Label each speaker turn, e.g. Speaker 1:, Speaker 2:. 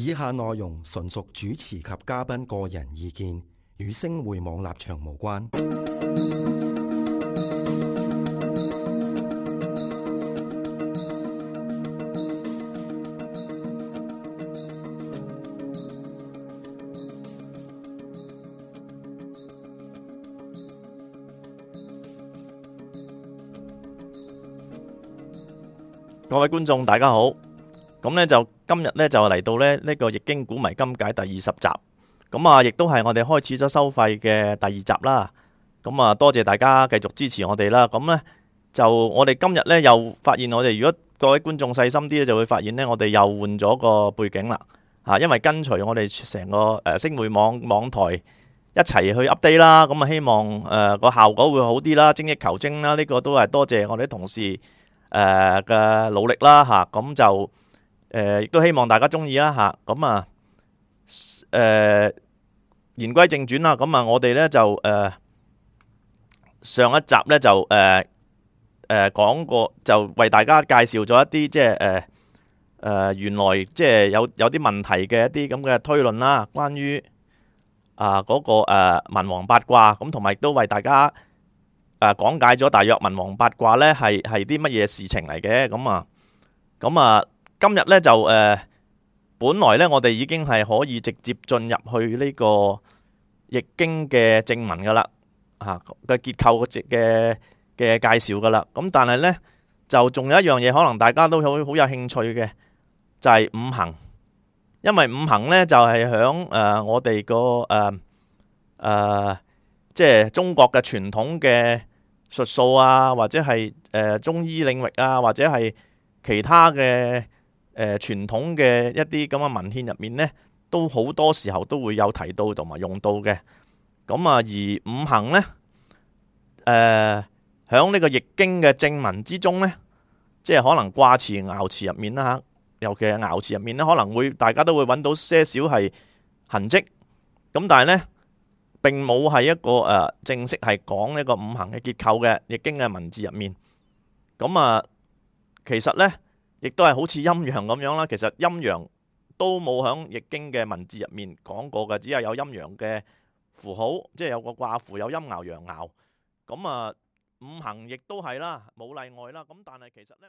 Speaker 1: 以下內容純屬主持及嘉賓個人意見，與星匯網立場無關。各位觀眾，大家好。咁咧就今日咧就嚟到咧呢個《易經古謎今解》第二十集，咁啊亦都係我哋開始咗收費嘅第二集啦。咁啊多謝大家繼續支持我哋啦。咁咧就我哋今日咧又發現，我哋如果各位觀眾細心啲咧，就會發現咧我哋又換咗個背景啦。吓，因為跟隨我哋成個誒星匯網網台一齊去 update 啦。咁啊希望誒個效果會好啲啦，精益求精啦。呢個都係多謝我哋啲同事誒嘅努力啦。吓，咁就。誒，亦都希望大家中意啦吓。咁啊，誒，言歸正傳啦。咁啊，我哋咧就誒上一集咧就誒誒講過，就為大家介紹咗一啲即係誒誒原來即係有有啲問題嘅一啲咁嘅推論啦。關於啊嗰個誒文王八卦咁，同埋都為大家啊講解咗大約文王八卦咧係係啲乜嘢事情嚟嘅。咁啊，咁啊。今日咧就誒，本來咧我哋已經係可以直接進入去呢個易經嘅正文噶啦，吓嘅結構嘅嘅介紹噶啦。咁但係咧就仲有一樣嘢，可能大家都好好有興趣嘅，就係五行。因為五行咧就係響誒我哋個誒誒，即係中國嘅傳統嘅術數啊，或者係誒中醫領域啊，或者係其他嘅。誒傳統嘅一啲咁嘅文獻入面咧，都好多時候都會有提到同埋用到嘅。咁啊，而五行咧，誒喺呢個易經嘅正文之中咧，即係可能卦辭爻辭入面啦嚇，尤其係爻辭入面咧，可能會大家都會揾到些少係痕跡。咁但係咧，並冇係一個誒正式係講呢個五行嘅結構嘅易經嘅文字入面。咁啊，其實咧。亦都係好似陰陽咁樣啦，其實陰陽都冇響易經嘅文字入面講過嘅，只係有陰陽嘅符號，即係有個卦符，有陰爻、陽爻。咁啊，五行亦都係啦，冇例外啦。咁但係其實呢。